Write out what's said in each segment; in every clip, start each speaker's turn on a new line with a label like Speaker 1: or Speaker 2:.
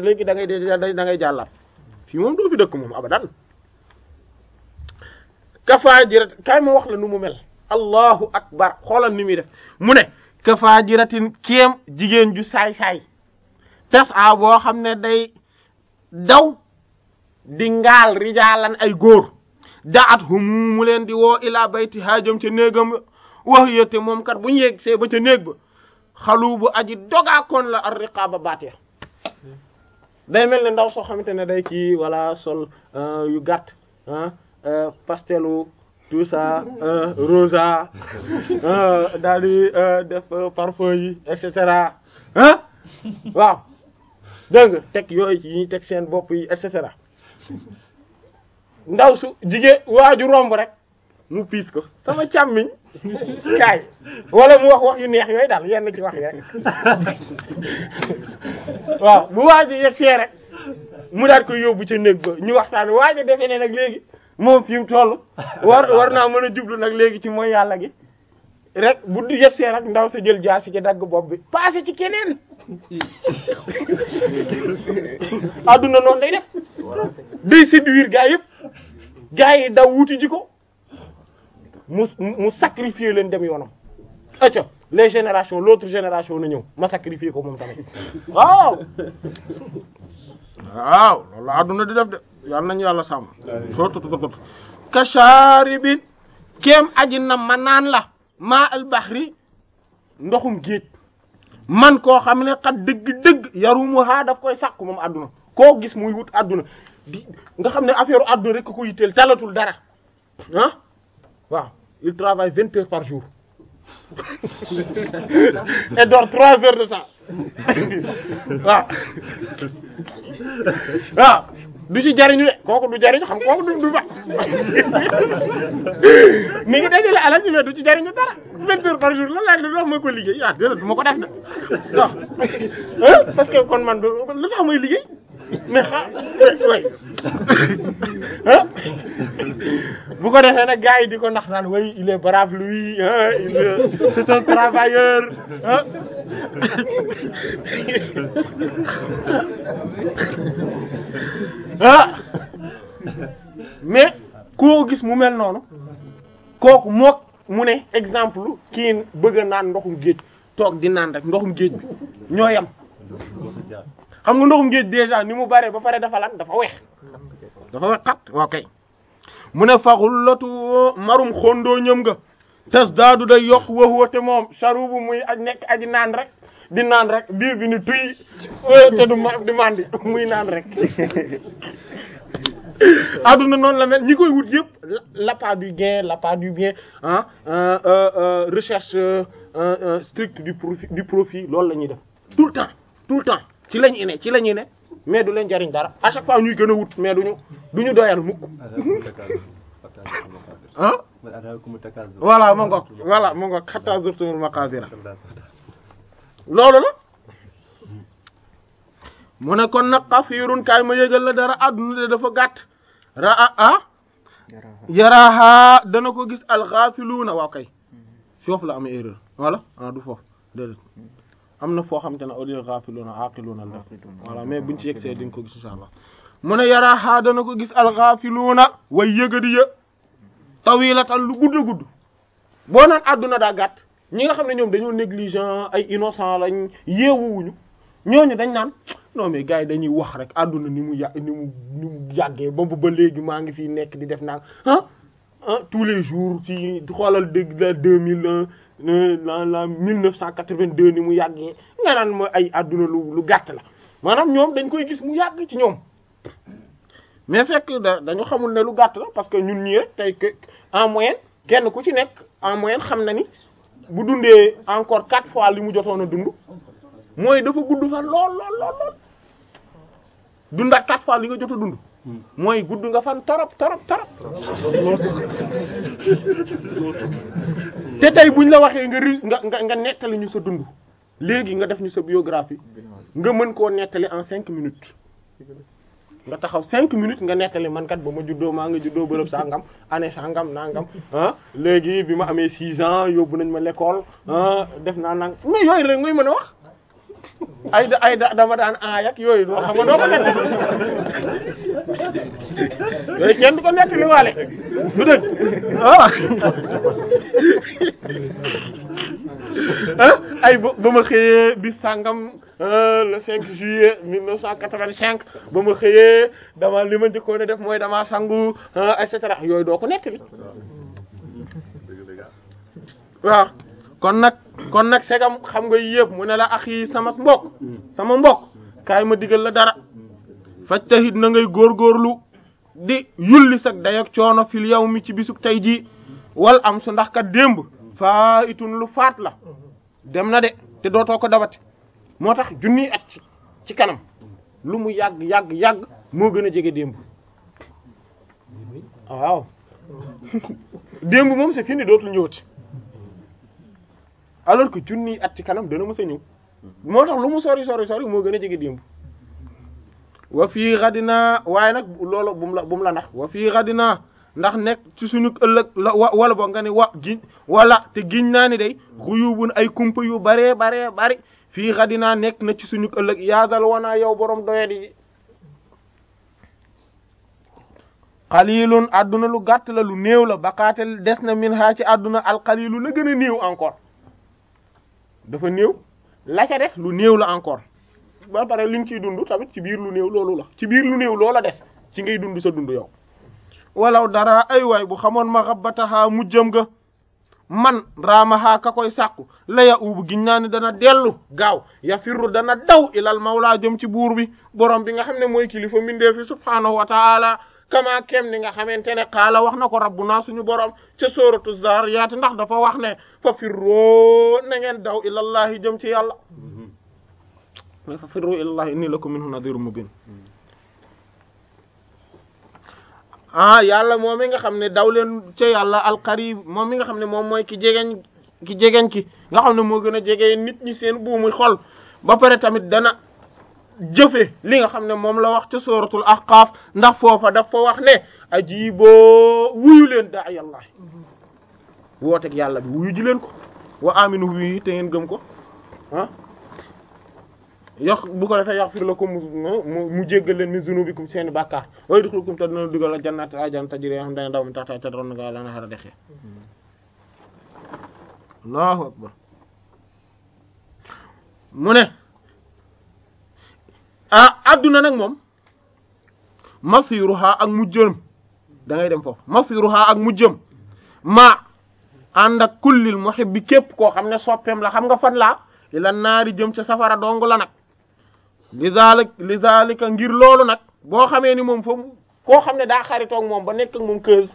Speaker 1: léegi da ngay da ngay jàllaat fii moom doo fi dëkk moom abadan kafajirat kay ma wax la nu mu mel allahu akbar xoolal ni muy def mu ne kafaajiratin kéem jigéen ju saay-saay tas a boo xam ne day daw di ngaal rijaalan ay góor jaat humu mu leen di woo ilaa bayti ca néegam wax yétte moom kat bu ñu yegg see ba ca néeg ba xalu bu aji dogaakoon la ar riqaaba baatiya day mel ne ndaw soo xamante ne day kii voilà sol euh, yu gàtt ah pastelu tout ça euh, rosa daal di def parfum yi et cetera ah waaw dégg nga teg yooyu yi ñuy teg seen bopp yi et cetera ndaw su jigéen waaju romb rek mu piis ko sama càmmiñ kaay wala mu wax wax yu neex yooyu daal yenn ci wax yi rek waaw bu waaj a yegsee rek mu daal koy yóbbu ca néeg ba ñu waxtaan waaj a defee ne nag léegi moom fi mu toll war war naa mën a jublu nag léegi ci mooy yàlla gi rek bu yegsee rek ndaw sa jël jaasi ci dagg bopp bi passé ci keneen adduna noonu day def day séduire gaa yëpp gaa yi daw wuti ji ko mu mu sacrifier leen dem yoonam acca les générations l'autre génération na ñëw ma sacrifier ko moom tamit waaw waaw loolu adduna di def de yàlla nañu yàlla sàmm sotttt kasharibin kéem aji na ma naan la maa al bahri ndoxum géej man koo xam ne xat dëgg-dëgg yarumu haa daf koy sàkku moom adduna koo gis muy wut adduna nga xam ne affaire u adduna rek ko yitteel talatul dara waaw il travaille vingt heures par jour et dort trois heures de temps waaw waaw du ci jariñu de kooku du jariñu xam kooku du du ba mi ngi dajale alal ji mais du ci jariñu dara vingt heures par jour la laaj lu tax ma ko liggéey ah déedéet du ma ko parce que kon man du lu tax may liggéey mais xaar ah, bu ko defee nag gars yi di ko ndax naan way il est brave lui c'est un travailleur ah. ah mais koo gis mu mel noonu kooku mook mu ne exemple kii bëgg a naan ndoxum géej toog di naan rek ndoxum géej bi ñoo yam xam nga ndoxum géej déjà ni mu bare ba pare dafa lan dafa weex dafa weex xat waaw kay mu ne faxullatu marum xondoo ñëm nga tas daadu day yokk waxuwa te moom sarubu muy ak nekk aji naan rek di naan rek biir bi ni tuy euh, te du di mandi muy naan rek adduna noonu la mel ñi koy wut la l'appât du gain l'appât du bien ah recherche stricte du profit du profit loolu la ñuy def tout le temps tout le temps ci la ine ci la ñuy ne mais du leen jariñ dara a chaque fois ñuy gën a wut mais ñu duñu doyal mukk
Speaker 2: ah voilà ma
Speaker 1: ngoog voilà ma ngoog xataa zurtumul maqabira loolu la mu ne kon nag qasirun kaay ma yëgal la dara adduna de dafa gàtt raa ah yaraaha dana ko gis alxaafiluuna waaw kay foofu la am erreur voilà ah du foofu am na foo xamante ne audio xaafiluuna aaqiluuna la voilà mais buñ ci yegsee diñ ko gis insha allah mu ne yara xaa dana ko gis alxaafiluuna way yëgadi ya tawilatan lu gudd gudd boo naan àdduna daa gàtt ñi nga xam ne ñoom dañoo négligent ay innocent lañ yeewuwuñu ñooñu dañ naan non mais gars yi dañuy wax rek àdduna ni mu yà ni mu ni mu yàggee ba léegi maa ngi fii nekk di def naa ah ah tous les jours ci xoolal dëgg la deux mille un la la mille neuf cent quatre-vingt-deux ni mu yàggee nga naan ma ay àdduna lu gàtt la maanaam ñoom dañ koy gis mu yàgg ci ñoom mais fekk da dañu xamul ne lu gàtt la parce que ñun ñi rek tey que en moyenne kenn ku ci nekk en moyenne xam na ni bu dundee encore quatre fois li mu jotoon a dund mooy dafa gudd fan lool lool lool lool dundaat quatre fois li nga jot a dund mooy gudd nga fan torop torop torop te tey buñ la waxee nga ri nga nga nga nettali ñu sa dund léegi nga def ñu sa biographie nga mën koo nettali en cinq minutes nga taxaw cinq minutes nga nettali man kat ba ma juddoo maa nga juddoo bërëb sangam année sangam nangam ah léegi bi ma amee six ans yóbbu nañ ma l'école ah def naa nang mais yooyu rek ngay mën a wax ay da ay da dama daan aayak yooyu doo xam nga
Speaker 2: doo yooyu kenn du ko nekk li waale du dëgg ah. ah ay ba ba
Speaker 1: ma xëyee bi sàngam euh, le 5 juillet 1985 ba ma xëyee dama li ma njëkkoon a def mooy damaa sangu ah, et cetera yooyu doo ko nekk li waaw kon nag kon nag segam xam nga yépp mu ne la ax yi sama mbokk sama mbokk kaay ma digal la dara fajtahit na ngay góorgóorlu di yulli sag dayak coono fil yow mi ci bisug tey ji wal am su ndax kat démb faa itun lu faat la dem na de te dootoo ko dabate moo tax junniy at ci kanam lu mu yàgg yàgg yàgg moo gën a jege démb waaw démb moom c'est fini dootul ñëwati alors que junniy at ci kanam dana mës a ñëw moo tax lu mu sori sori sori moo gën a jege démb wa fii xadinaa waaye nag loolu bu la bu mu la ndax wa fii xadinaa ndax nekk ci suñu ëllëg la wala bo nga ne wa giñ wala te giñ naa ni day xuyubun ay kumpa yu baree baree bari fii xadinaa nekk na ci suñu ëllëg yaadal wanaa yow borom doyet yi xaliilun adduna lu gàtt la lu néew la baqaatel des na min ha ci adduna alxaliilu la gën a néew encore dafa néew la des lu néew la encore ba pare li nga ciy dund tamit ci biir lu néew loolu la ci biir lu néew loola des ci ngay dund sa dund yow walaw dara ay waay bu xamoon ma xabataxaa mujjëm ga man raamaxaa ka koy sàkku laya ubu giñ naa dana dellu gaaw ya firru dana daw ilal mawlaa jëm ci buur bi borom bi nga xam ne mooy kilifa mbindeef fi subhaanahu kama kem ni nga xamante ne xaala wax na ko rabbu rabbuna suñu borom ca sóoratu zaariyaat ndax dafa wax ne fa firroo na ngeen daw ilallahi jëm ci yàlla mais mm-hmm. fa firroo ilallahi inni lakum minhu nadirun mubin mm-hmm. ah yàlla moom mi nga xam ne daw leen ca yàlla alqarib moom mi nga xam ne moom mooy ki jegeñ ki jegeñ ki nga xam ne moo gën a jege nit ñi seen bumu xol ba pare tamit dana jëfe li nga xam ne moom la wax te ca a ahqaf ndax foofa daf fa wax ne ajiboo wuyu leen woo wooteeg yàlla bi wuyu ji leen ko wa aminu wi te ngeen gëm ko ah yox bu ko defee la lakum mu jeg leen min zunubikum seeni bàkkaar wa yadkhulukum te dina dugal jannat ajran tajri xam dana daw min tahtiha al-anhaar nga la nahar mu ne a adduna nag moom masiruha ak mu da ngay dem foofu masiruha ak jëm ma ànd ak kullil muhibbi képp koo xam ne soppeem la xam nga fan laa la naari jëm ca safara dong la nag li zalik li ngir loolu nag boo xamee ni moom fa mu koo xam ne daa xaritoog moom ba nekk moom keus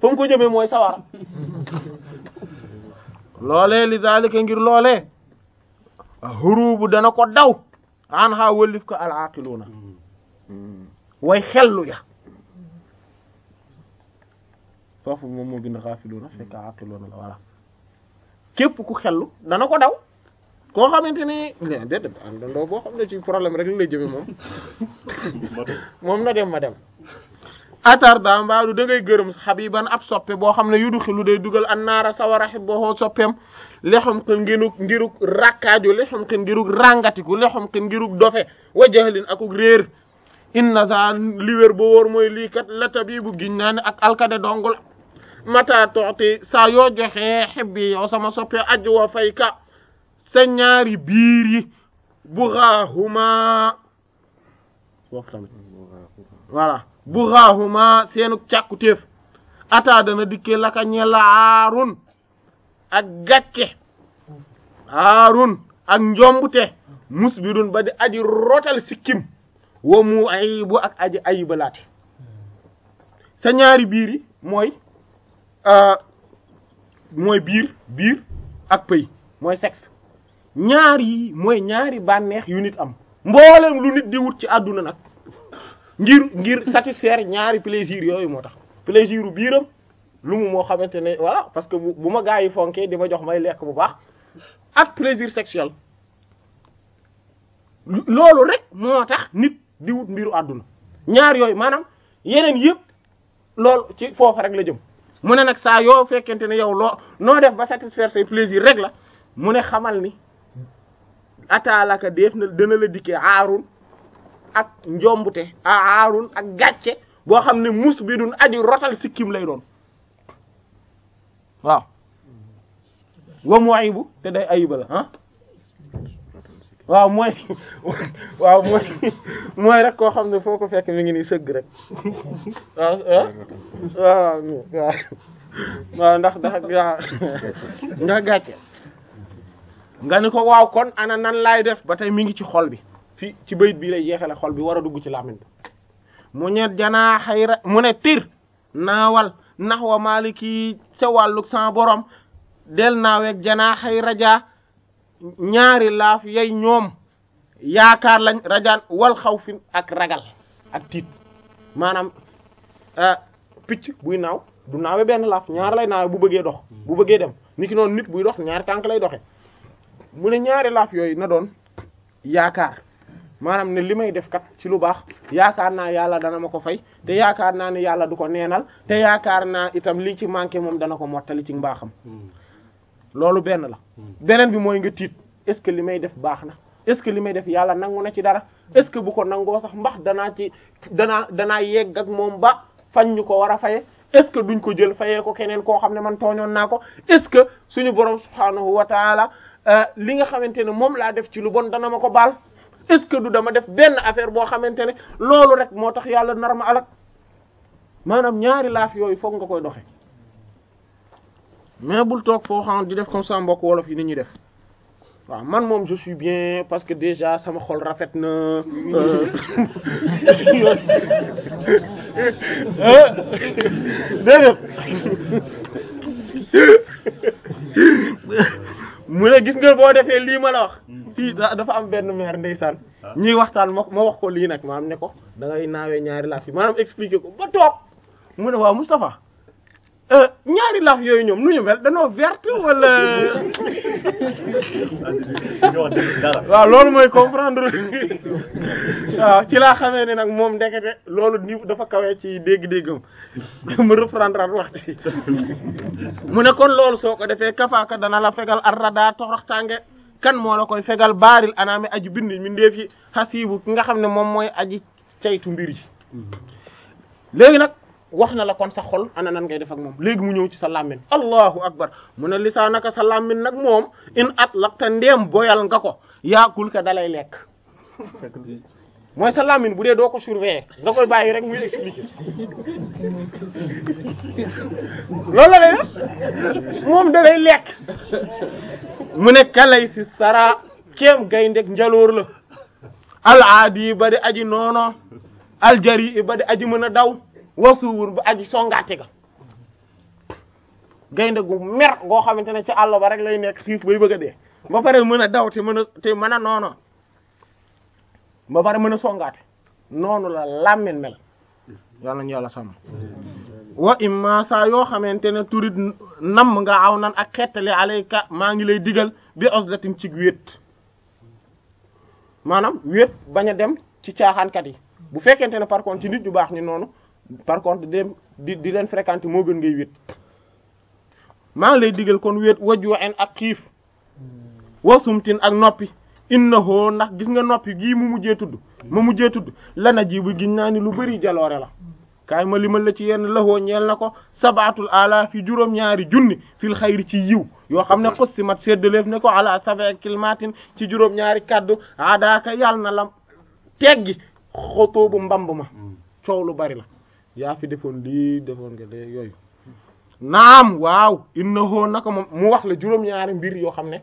Speaker 1: fa ko jëmee mooy sawara loolee li zalika ngir loolee hurubu dana ko daw an ha wëllif ko al mm. way xellu ya foofu moom moo bind xaafiluuna fekk aaqiluuna la walla képp ku xellu dana ko daw koo xamante ni déedéet am dandoo boo xam ne ci problème rek li lay jëme moom moom na dem ma dem atar daa mbaadu da ngay gërëm xabiban ab soppe boo xam ne yudu xilu day dugal an naara sawara xib boo xoo soppeem lexam xen ngiruk rakkaaju lexam xen ngiruk ràngatiku lexam xen ngiruk dofe wa jahlin akuk réer inna sa li wér ba wóor mooy lii kat la tabibu naa ne alkade dong la mata saa yoo joxee xibbi yow sama soppe aj wa fayka sa ñaari biir yi buxaahuma wax tamit voilà buxaahuma seenu càkkutéef ataa dana dikkee laka ñela ak gàcce aarun ak njombute musbirun ba di aji rotal sikkim wa mu ayibu ak aji sa ñaari biir yi mooy mooy biir biir ak pëy mooy sexe ñaar mooy ñaari bànneex yu nit am mboolem lu nit di wut ci àdduna nag ngir ngir satisfaire ñaari plaisir yooyu moo tax biiram lu mu moo xamante ne voilà parce que bu ma gaa yi fonkee di ma jox may lekk bu baax ak plaisir sexuel loolu rek moo tax nit di wut mbiru àdduna ñaar yooyu maanaam yeneen yëpp loolu ci foofu rek la jëm mu ne nag saa yoo fekkente ne yow loo noo def ba satisfaire say plaisir rek la mu ne xamal ni ataalaka def na dana la dikkee aarun ak njombute aarun ak gàcce boo xam ne mus bi dun aju rotal sikkim lay doon waaw wa mu ayibu te day ayiba la ah waaw mooy waaw mooy mooy rek koo xam ne foo ko fekk mi ngi ni sëgg rek ah? waaw waaw waaw ndax ndax ndax gàcce nga ni ko waaw kon ana nan laay def ba tey mi ngi ci xol bi fi ci bayit bi lay jeexale xol bi war a dugg ci làmmiñ bi mu ñet janaa xayra mu ne tir naawal nax wa maliki ca wàllug sama borom del naaweeg janaaxay raja ñaari laaf yay ñoom yaakaar lañ rajaan wal xaw ak ragal ak tiit maanaam ah, picc buy naaw du naawe benn laaf ñaar lay naawe bu bëggee dox bu bëggee dem ni ki noonu nit buy dox ñaari tànk lay doxe mu ne ñaari laaf yooyu na doon yaakaar maanaam ne li may def kat ci lu baax yaakaar naa yàlla dana ma ko fay te yaakaar naa ne yàlla du ko neenal te yaakaar naa itam li ci manqué moom dana ko mottali ci mbaaxam hmm. loolu benn la hmm. beneen bi mooy nga tiit est-ce que li may def baax na est-ce que limay def yàlla nangu na ci dara est-ce que bu ko nangoo sax mbax danaa ci danaa danaa yegg ak moom ba fañ ñu ko war a faye est-ce que duñ ko jël fayee ko keneen koo xam ne man tooñoon naa ko est que suñu borom subhaanahu wa taala euh, li nga xamante ne moom laa def ci lu bon dana ma ko baal est-ce que du dama def benn affaire boo xamante ne loolu rek moo tax yàlla nar ma alak maanaam ñaari laaf yooyu foog nga koy doxe mais bul toog foo xam di def comme ça mbokk wolof yi ni ñuy def waaw man moom je suis bien parce que déjà sama xol rafet na euh. Euh. déedéet mu ne gis nga boo defee lii ma la wax hmm. fii dafa am benn maire ndeysaan ah. ñuy waxtaan ma ma wax ko lii nag ma am ne ko da ngay naawee ñaari laaf yi maanaam expliqué ko ba toog mu ne waaw Moustapha Euh, ñaari laaf yooyu ñoom nu ñu mel danoo verte wala. waaw loolu mooy comprendre waaw ci laa xamee ne nag moom ndekete loolu nii dafa kawee ci dégg-déggam mu reprendre wax ne kon loolu soo ko defee kafaaka dana la fegal ar rada torox tànge kan moo la koy fegal baaril anaame aji bind mi ndeef yi xasiibu ki nga xam ne moom mooy aji caytu mbir yi léegi nag. wax na la kon sa xol ana nan ngay def ak moom léegi mu ñëw ci sa làmmin allahu akbar mu ne lisaanaka sa làmmin nag moom in at lakta ndeem boyal nga ko yaakul ka dalay lekk mooy sa làmmin bu dee doo ko surveiller nga koy bàyyi rek muy expliquer lekk mu ne kalay si sara keem gayndeg njaloor la al aadi ba di aji noono aljari ba di aji mën a daw wasuwur bu aji songaate ga gaynde gu mer goo xamante ne ci àll ba rek lay nekk xiif bay bëgg a dee ba pare mën a daw te mën a te mën a noono ba pare mën a songaate noonu la làmmen mel yàlla ñu yàlla sàmm wa imma saa yoo xamante ne turit namm nga aw nan ak xettali alayka maa ngi lay digal bi osdatin ci wéet maanaam wéet bañ a dem ci caaxaankat yi bu fekkente ne par contre ci nit yu baax ni noonu par contre di di di leen fréquenter moo gën ngay wét maa ngi lay digal kon wét waju en ak xiif wasumtin ak noppi innahu ndax gis nga noppi gii mu mujjee tudd ma mujjee tudd lana ji bu giñ naa ni lu bari jaloore la kaay ma limal la ci yenn lahoo ñeel na ko sabaatul ala fi juróom-ñaari junni fil xayri ci yiw yoo xam ne xos si mat séddaleef ne ko ala sabe kilmatin ci juróom-ñaari kaddu aadaaka yàlla na la teggi xotoobu mbamb ma coow lu bari la yaa fi defoon lii defoon nga yooyu naam waaw innahu naka moom mu wax la juróom-ñaari mbir yoo xam ne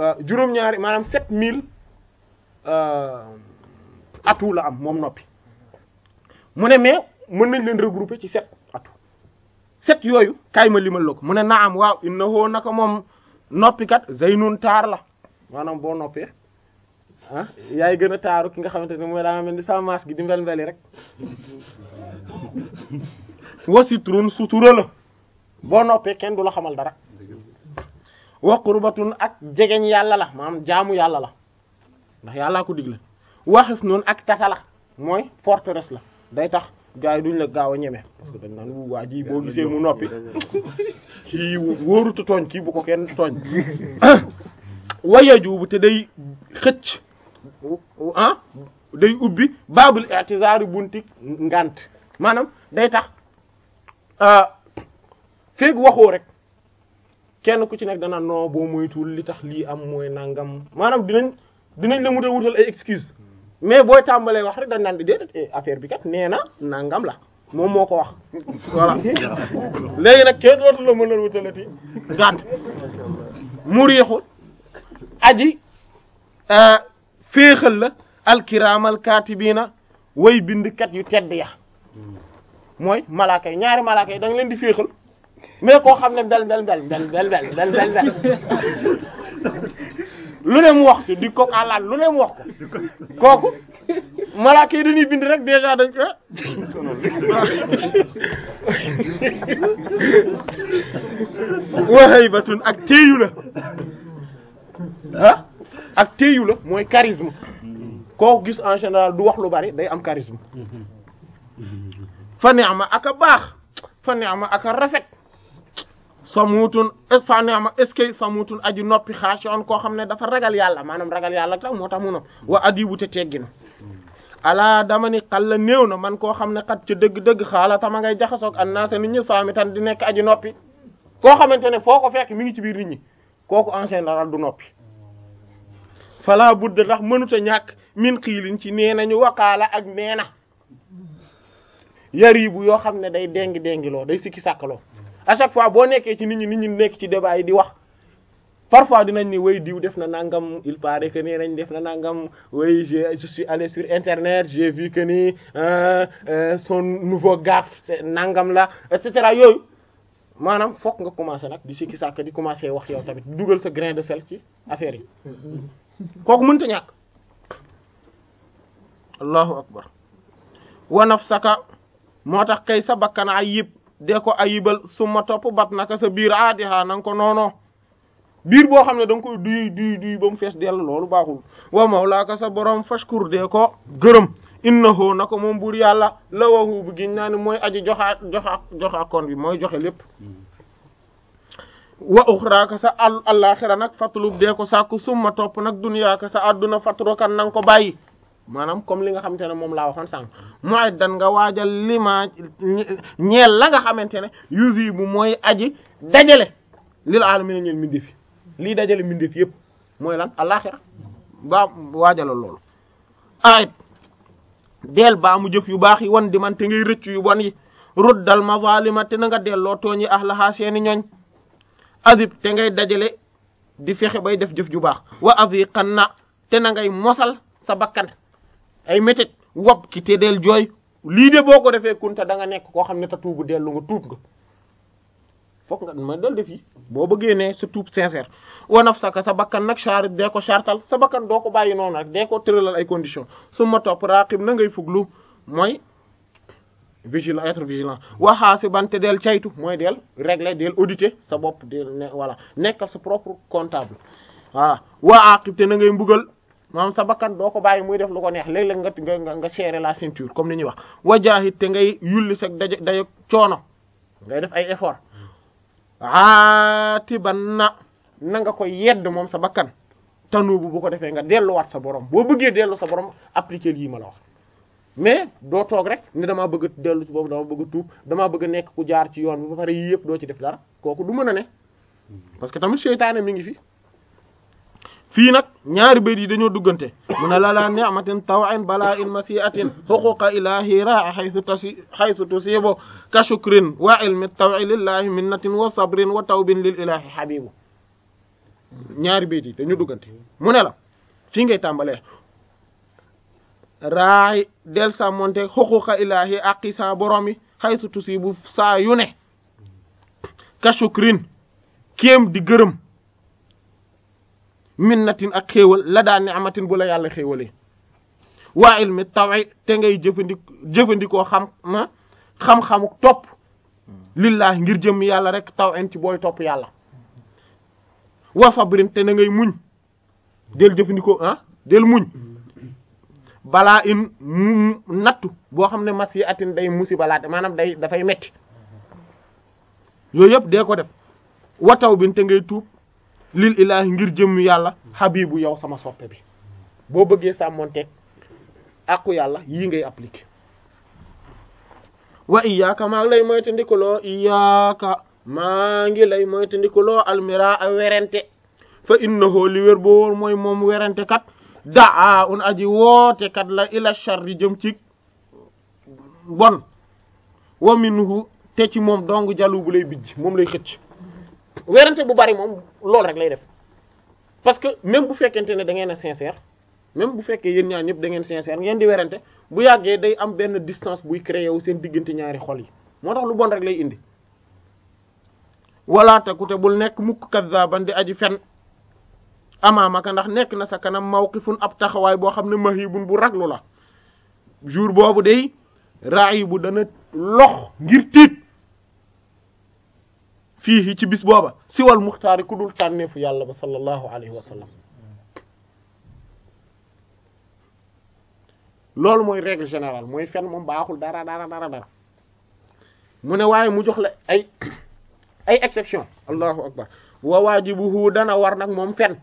Speaker 1: euh, juróom-ñaari maanaam sept mille euh, atu la am moom noppi mu ne mais mën nañ leen regrouper ci sept atu sept yooyu kaay ma limal la ko mu ne naam waaw innahu naka moom noppikat zaynun taar la maanaam boo noppee ah yaay gën a taaru ki nga xamante ne mooy daa mel ni sa maas di mbel mbeli rek wasitrun sutura la boo noppee kenn du la xamal dara wa qurbatun ak jegeñ yàlla la maanaam jaamu yàlla la ndax yàllaa ko digle waxis noonu ak tata mooy forteresse la day tax gars yi duñ la gaaw a ñeme parce que dañ gisee mu noppi kii wóorutu tooñ kii bu ko kenn tooñ wayejubu te day xëcc ah day ubbi babul i'tizar buntik ngant maanaam day tax ah, feeg waxoo rek kenn ku ci nekk dana non boo moytuwul li tax lii am mooy nangam maanaam dinañ dinañ la mën a wutal excuse mais boo tàmbalee wax rek dañ naan di déedéet eh, affaire bi kat nee na nangam la moom moo ko wax voilà léegi nag kenn dootu la mën a wutalati ngant mu riixul aji ah, féexal la alkiraamal kaatibiina way bindkat yu tedd ya mooy ñaari malaaka yi leen di féexal mais ko xam ne bel bel bel bel bel lu ne mu wax ci di ko lu ne mu wax kooku malaaka yi dañuy bind rek déjà dañ ko ah. wa haybatun ak la ah. ak téyu la mooy charisme koo gis en général du wax lu bari day am charisme fa ni'ma ak a baax fa ni'ma ak aka rafet samutun fa ni'ma est-ce que samutun aju noppi xaashi'un koo xam ne dafa ragal yàlla maanaam ragal yàlla tax moo tax mu nopp wa adibu te teggi na alaa dama ni xal la néew na man koo xam ne xat ca dëgg-dëgg xaala tama ngay jaxasoog annaasa nit ñi saami tan di nekk aji noppi koo xamante ne foo ko fekk mi ngi ci biir nit ñi kooku en général du noppi fala budda tax mënuta ñàkk min xiilin ci nee nañu waqaala ak nee na yaribu yoo xam ne day dengi dengi day sikki sàkkaloo à chaque fois boo nekkee ci nit ñi nit ñi nekk ci débat yi di wax parfois dinañ ni way diw def na nangam il paraît que nee nañ def na nangam way je suis allé sur internet j'ai vu que ni euh, euh, son nouveau gars nangam la et cetera yooyu maanaam fokk nga commencer nag di sikki sàkk di commencer wax yow tamit dugal sa grain de sel ci affaire yi kooku mënta ñàkk allahu akbar wa nafsaka moo tax kay sa bakkan ayib de ko ayibal suma topp bat naka sa biir aadihaa na nga ko noonoo biir boo xam ne da ko koy duy duy ba mu fees dell loolu baaxul wa mawlaaka sa borom fashkur de ko gërëm innahu na ko moom buur yàlla la wahu bu giñ mooy aji joxa joxa kon mooy joxe lépp mm. wa uxraaka sa al alaxira nag fatlub dee ko sàkku ma topp nag dunyaaka sa adduna fatrukan na nga ko bàyyi maanaam comme li nga xamante ne moom laa waxoon sànq mooy dan nga waajal lima ñeel la nga xamante ne yusi bu mooy aji dajale lil alamina ñeel mbindeef yi lii dajale mbindeef yëpp mooy lan alaxira baa waajalal loolu aayit deel baa mu jëf yu baax yi wan di man te ngay rëcc yu bon yi ruddal mazalima te na delloo tooñ yi ahlaha seeni ñooñ azib te ngay dajale di fexe bay def jëf ju baax wa aziqan na te na ngay mosal sa bakkan ay métit wab ki te del jooy lii de boo ko defee kunta da nga nekk koo xam ne ta tuubu dellu nga tuub nga fokk nga ma dal def yi boo bëggee ne sa tuub sincère wa nafsaka sa bakkan nag charit dee ko chartal sa bakkan doo ko bàyyi noonu rek dee ko tëralal ay condition su ma topp raqib na ngay fuglu mooy vigilant être vigilant waxaasi bante del caytu mooy del régler del auditer sa bopp del ne voilà nekkal sa propre comptable voilà waa aqib te na ngay mbugal maanaam sa bakkan doo ko bàyyi muy def lu ko neex léeg-léeg nga nga nga serrer la ceinture comme ni ñuy wax wajaahit te ngay yulli sa daje daje coono ngay def ay effort aatiban na na nga koy yedd moom sa bakkan tanuubu bu ko defee nga delluwaat sa borom boo bëggee dellu sa borom appliquer lii ma la wax mais doo toog rek ne damaa bëgg dellu ci boobu damaa bëgg a tuub damaa bëgg a nekk ku jaar ci yoon bi ba pare yëpp doo ci def dara kooku du mën a ne mm-hmm. parce que tamit seytaane mi ngi fi fii nag ñaari bayt yi dañoo duggante mu ne lala ni'matin taw'in bala'in masi'atin huquqa ilahi ra'a haythu tasi haythu tusibu ka shukrin wa ilmi taw'i lillahi minnatin wa sabrin wa tawbin lil ilahi habibu ñaari bayt yi dañoo duggante mu ne la fii ngay tàmbalee raay del sàmmonte xuquqa ilaahi aqi sa borom yi xaytu tusibu saa yu ne kashukrin kéem di gërëm minnatin ak xéewal la daa ni'matin bu la yàlla xéewalee waa ilmi tawi te ngay jëfandik jëfandikoo xam ma xam-xamu topp lillaahi ngir jëm yàlla rek taw en topp yàlla wa sabrin te na ngay muñ del jëfandikoo ah, del muñ balaa in nattu boo xam ne mas yi atin day musiba laate maanaam day dafay metti yooyu dee ko def wataw bi te tuub lil ilaahi ngir jëm yàlla xabibu yow sama soppe bi boo bëggee sàmmonteeg àqu yàlla yii ngay appliquer wa iyaaka maa ngi lay moytandikuloo iyaaka maa ngi lay moytandikuloo almira a werente fa innahu li wér boo werente kat daa un aji woote kat la ila sharri jëm ci bon wa minhu te ci moom dong jalu bu lay bijj moom lay xëcc werante bu bari moom loolu rek lay def parce que même bu fekkente ne da ngeen a même bu fekkee yéen ñaar ñëpp da ngeen sincère ngeen di werante bu yàggee day am benn distance buy créé wu seen diggante ñaari xol yi moo tax lu bon rek lay indi walaata ku te bul nekk mukk kazaban di aji fen amaamaka ndax nekk na sa kanam mawqifun ab taxawaay boo xam ne mahibun bu raglu la jour boobu day raay bu dana lox ngir tiit fii ci bis booba siwal muxtaari ku dul tànneefu yàlla ba sallallahu alayhi wa sallam mooy règle générale mooy fen baaxul dara dara dara dara mu ne waaye mu jox la ay ay exception allahu akbar wa waajibuhu dana war nag moom fen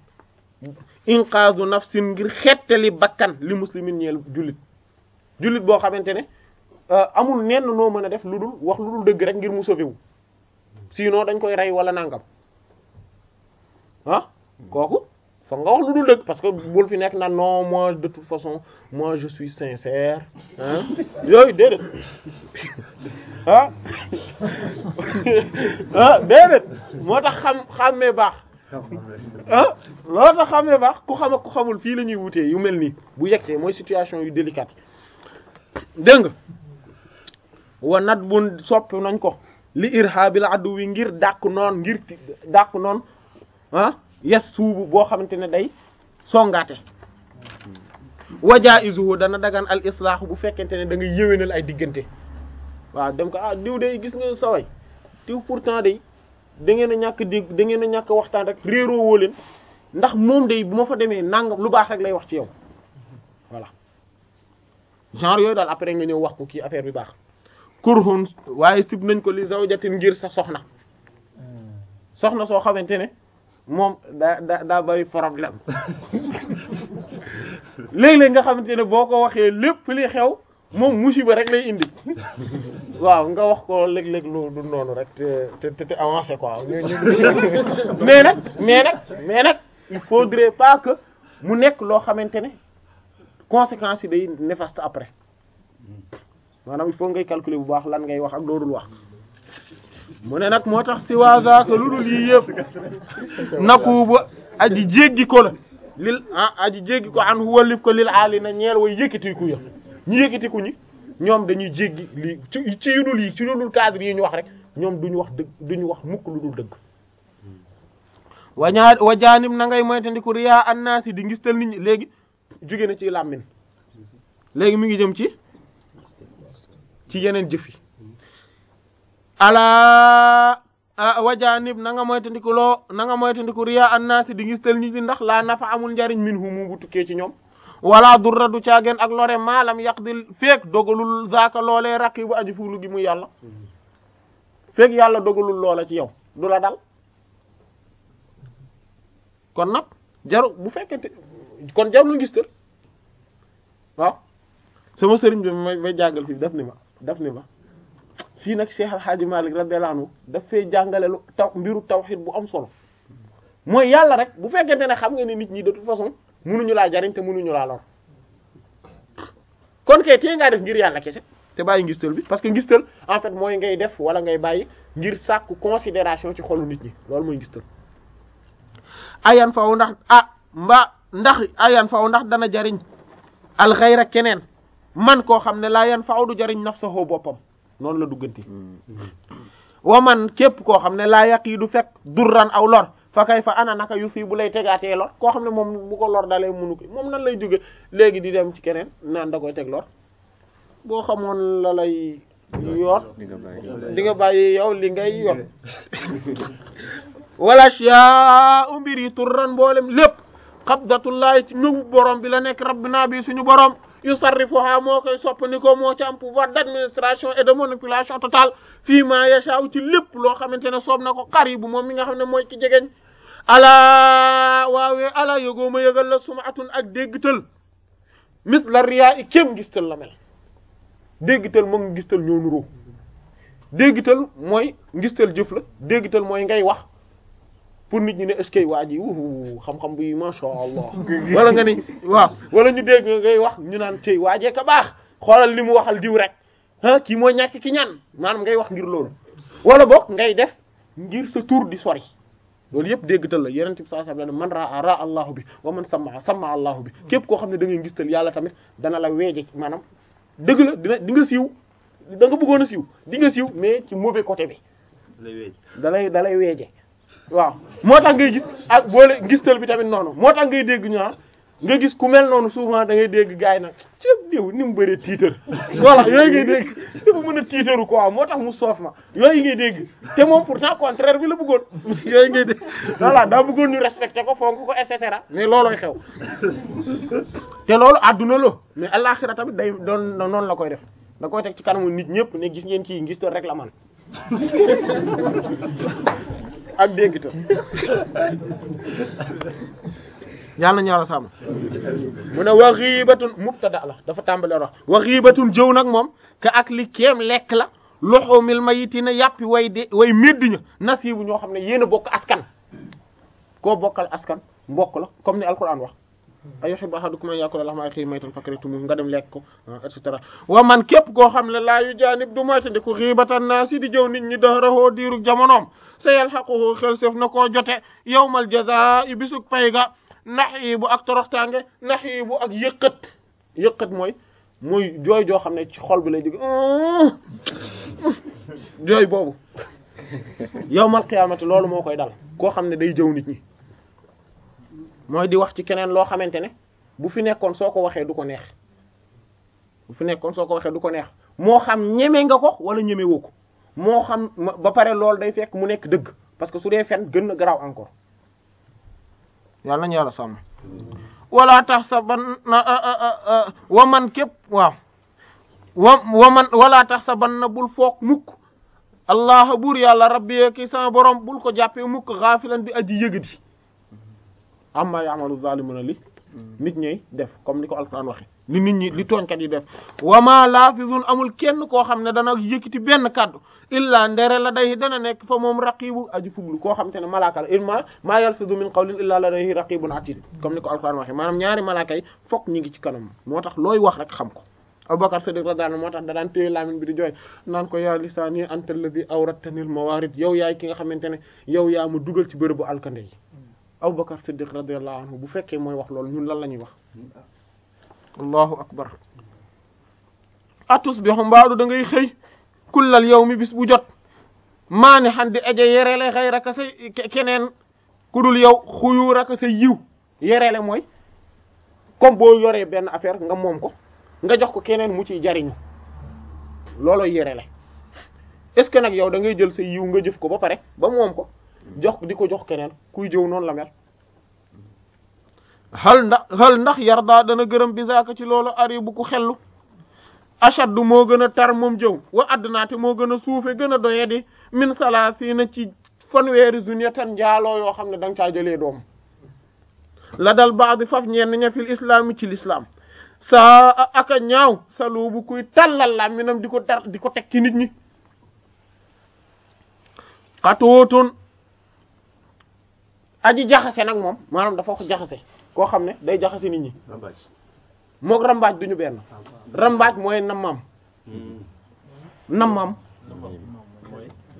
Speaker 1: inqaazu nafsin ngir xettali bakkan li muslimin ñeel jullit jullit boo xamante ne euh, amul nenn noo mën a def lu dul wax lu dul dëgg rek ngir mu sauver wu dañ koy rey wala nangam ah kooku foog nga wax lu dul dëgg parce que bul fi nekk na non moi de toute façon moi je suis sincère ah yooyu déedéet ah ah déedéet moo tax xam xàmmee baax ah loolu tax xamee ku xam ku xamul fii la ñuy wutee yu mel nii bu yegsee mooy situation yu délicate dégg nga wa nat bun sopp nañ ko li irhabil addu wi ngir dàq noon ngir dàq noon ah, yes suubu boo xamante ne day songaate wajaa izuhu dana dagan al islaahu bu fekkente ne dangay nga ay diggante waa dem ko ah diw day gis nga saway diw pourtant day da ngeen a ñàkk dégg da ngeen ñàkk waxtaan rek réeroo woo leen ndax moom day bu ma fa demee nangam lu baax rek lay wax ci yow voilà genre yooyu daal après nga ñëw wax ko kii affaire bi baax kurhun waaye sib nañ ko li zawjatin ngir sa soxna soxna soo xamante ne moom daa daa daa bari problème léegi léeg nga xamante ne boo ko waxee lépp li xew moom musiba rek lay indi waaw nga wax ko léeg-léeg lu du noonu rek te te te avancé quoi mais nag mais nag mais nag il faudrait pas que mu nekk loo xamante ne conséquences yi day néfaste après maanaam il faut ngay calculer bu baax lan ngay wax ak loolu wax mu ne nag moo tax si waasaaka lu dul yii yëpp naku ba aji jéggi ko la lil ah aji jéggi ko an wallif ko lil aali na ñeel way yëkkati ku yëpp ñu yëkkatiku ñi ñoom dañuy jéggi lii ci ci yu dul yi ci yu dul cadre yi ñu wax rek ñoom duñu wax dëgg duñu wax mukk lu dul dëgg. wañaa wajaanib na ngay moytandiku riyaa annaasi di ngistal nit ñi léegi jóge na làmmin léegi mi ngi jëm ci ci yeneen jëf yi alaa wajaanib na nga moytandiku na nga moytandiku riyaa annaasi di ngistal nit ñi ndax laa nafa amul njariñ min humu bu tukkee ci ñoom
Speaker 2: wala durra
Speaker 1: du caageen ak lore maalam yaqdil feek dogalul zaaka loolee raqibu aji fuulu gi muy yàlla feek yàlla dogalul loola ci yow du la dal kon nag jaru bu fekkente kon jarul gis tër waaw sama sëriñ bi may jàngal fii daf ni ma daf ni ma fii nag Cheikh Al Hadj Malick radiyallahu daf fee jàngale lu taw mbiru tawhid bu am solo mooy yàlla rek bu fekkente ne xam nga ne nit ñi de toute façon mënuñu laa jariñ te mënuñu laa lor kon kay tey ngaa def ngir yàlla kese te bàyyi ngistal bi parce que ngistal en fait mooy ngay def wala ngay bàyyi ngir sàkku considération ci xolu nit ñi loolu mooy ngistal ayan faw ndax a ah, mba ndax ayan faw ndax dana jariñ alxayra keneen man koo xam ne laa yan faaw du jariñ nafsahu boppam noonu la dugganti mm. wa man képp koo xam ne laa yàq yi du fekk durran aw lor fa kay fa ana naka yu fii bu lay tegaatee lor koo xam ne moom bu ko lor dalee munu moom nan lay jóge léegi di dem ci keneen naan da koy teg lor boo xamoon la lay yor di nga bàyyi yow li ngay yor wala yaa mbir yi turran mboolem lépp xabdatullahi ci ñëw borom bi la nekk rabbina bi suñu borom yusarrifuha moo koy soppandikoo moo ci am pouvoir d'administration et de manipulation totale fii ma yashaaw ci lépp loo xamante ne soob na ko xar bu moom mi nga xam ne mooy ki jegeñ alaa waawee alaa yëgoo ma yëgal la sumaatun ak déggtal mis la riyaa i kéem gistal la mel déggtal moom ngistal ñoo nuroo déggtal mooy ngistal jëf la déggtal mooy ngay wax pour nit ñi ne est-ce que waa ji xam-xam bi masha Allah wala nga ni waaw wala ñu dégg ngay wax ñu naan tey waajee ka baax xoolal li mu waxal diw rek ah kii moo ñàkk ki ñaan maanaam ngay wax ngir loolu wala boog ngay def ngir sa tuur di sori loolu yëpp déggtal la yeneen ci saa saa man raa raa allahu bi wa man samma samma allahu bi képp ko xam ne dangay ngay ngistal yàlla tamit dana la weeje ci maanaam dëgg la dina di siiw da nga bëggoon a siiw di nga siiw mais ci mauvais côté bi. dalay dalay weeje waaw moo tax ngay gis ak boole ngistal bi tamit noonu moo tax ngay dégg ñu nga gis ku mel noonu souvent da ngay dégg gars na ceeb diw ni mu bëree tiitar
Speaker 2: voilà yooyu ngay dégg
Speaker 1: dafa mën a moo tax mu soof ma yooyu dégg te moom pourtant contraire bi la bëggoon yooyu ngay dégg voilà ñu respecté ko fonk ko et cetera mais loolooy xew te loolu àdduna la mais àllaxira tamit day doon noonu la koy def na koy teg ci kanamu nit ñëpp ne gis ngeen kii ngis rek la man ak dégg ta yàlla ñu yàlla sàmm mu ne wa ghibatun mubtada la dafa tàmbale wax wa ghibatun jëw nag moom ka ak li keem lekk la loxoomil mayiti na yàppi way de na méddiña nasibu ñoo xam ne yéen a bokk askan koo bokkal askan mbokk la comme ni alquran wax ayyuhibbu ahadukum an ya'kula lahma akhihi maytan fakarihtumuh nga dem lekk ko et cetera wa man képp koo xam ne laa jaanib du moyte ndi ko xiibatan naa si di jëw nit ñi dahrahoo diiru jamonoom sa yalhaquhu xel séef na koo jote yawmal jazaa'i nax yi bu ak toroxtaange nax yi bu ak yëkkat yëkkat mooy muy jooy joo xam ne ci xol bi lay jóge jooy boobu yawmal qiyaamati loolu moo koy dal koo xam ne day jëw nit ñi mooy di wax ci keneen loo xamante ne bu fi nekkoon soo ko waxee du ko neex bu fi nekkoon soo ko waxee du ko neex moo xam ñeme nga ko wala ñeme woo ko moo xam ba pare loolu day fekk mu nekk dëgg parce que su dee fen gën na garaaw encore yàlla nañu yàlla sàmm wala tax saban wa man képp waaw wa wa man wala tax bul foog mukk allah buur yàlla rabbi ki sama borom bul ko jàppee mukk xaafilan bi aji yëgadi amma ya'malu zalimuna li nit ñi def comme li ko alxuraan waxe li nit ñi li tooñkat yi def wama laafizun amul kenn koo xam ne dana yëkkati benn kàddu illaa ndere la day dana nekk fa moom raqibu aji fuglu koo xam te ne malaaka la imma maa yalfizu min qawlin illaa ladayhi raqibun atid comme ni ko alxuraan waxe maanaam ñaari malaaka yi fokk ñi ngi ci kanam moo tax looy wax rek xam ko Abubakar Siddiq radiyallahu anhu moo tax da daan téye laamin bi di jooy naan ko yaa lisaani anta alladhi awrattanil mawaarid yow yaay ki nga xamante ne yow yaa ma dugal ci bërëbu alkande yi Aboubacar Siddiq radiyallahu anhu bu fekkee mooy wax loolu ñun lan la ñuy wax allahu akbar atusbihu mbaadu da ngay xëy kullal mi bis bu jot maani xan di aje yerele xëy raka sa keneen ku dul xuyu raka yiw yerele mooy comme boo yoree benn affaire nga moom ko nga jox ko keneen mu ci jariñ jariñu loolooy yerele est ce que nag yow da ngay jël sa yiw nga jëf ko ba pare ba moom ko jox di ko jox keneen kuy jëw noonu la mel ndax yar ndax dana gërëm bi ci loolu ari bu ku xellu ashaddu moo gën a tar moom jëw wa addnaate moo gën a suufe gën a doye di min salaasina ci fanweeri zuniyatan njaaloo yoo xam ne da nga caa jëlee doom la dal baax bi faf ñenn ña fil islaam ci lislaam saa aka ñaaw saloo bu kuy tallal la minam di ko dar di ko ci nit ñi aji jaxase nag moom maanaam dafa wax jaxase koo xam ne day jaxase nit ñi mook rambaaj ñu benn rambaaj mooy nammaam hmm. nammaam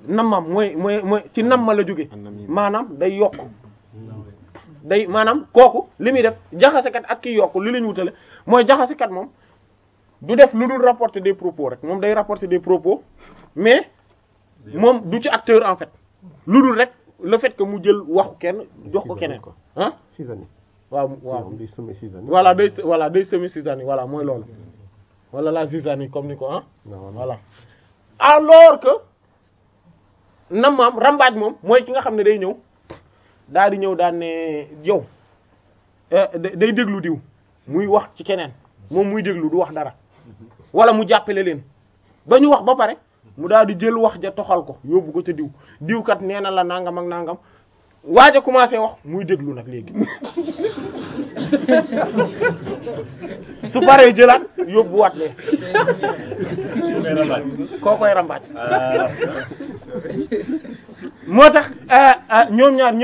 Speaker 1: nammaam mooy mooy mooy ci namma la jóge maanaam day yokk hmm. day maanaam kooku li muy def jaxasekat ak ki yokk li lañu wutale mooy jaxasekat moom du def lu dul rapporter des propos rek moom day rapporter des propos mais moom du ci acteur en fait lu dul rek le fait que mu jël waxu kenn jox ko keneen ah Cizani waaw waaw day semer Cizani voilà day voilà day semer Cizani voilà mooy loolu wala la Cizani comme ni ko ah voilà alors que nammaam rambaaj moom mooy ki nga xam ne day ñëw daal di ñëw daal ne yow eh, day déglu diw muy wax ci keneen moom muy déglu du wax dara mm-hmm. wala mu jàppale leen ba ñu wax ba pare mu daal di jël wax ja toxal ko yóbbu ko ca diw diw kat nee na la nàngam ak nangam waaj a commencé wax muy déglu nag léegi su paree jëlaat yóbbuwaat lee koo koy rambaaj ah. moo tax
Speaker 2: ah, ah, ñoom ñaar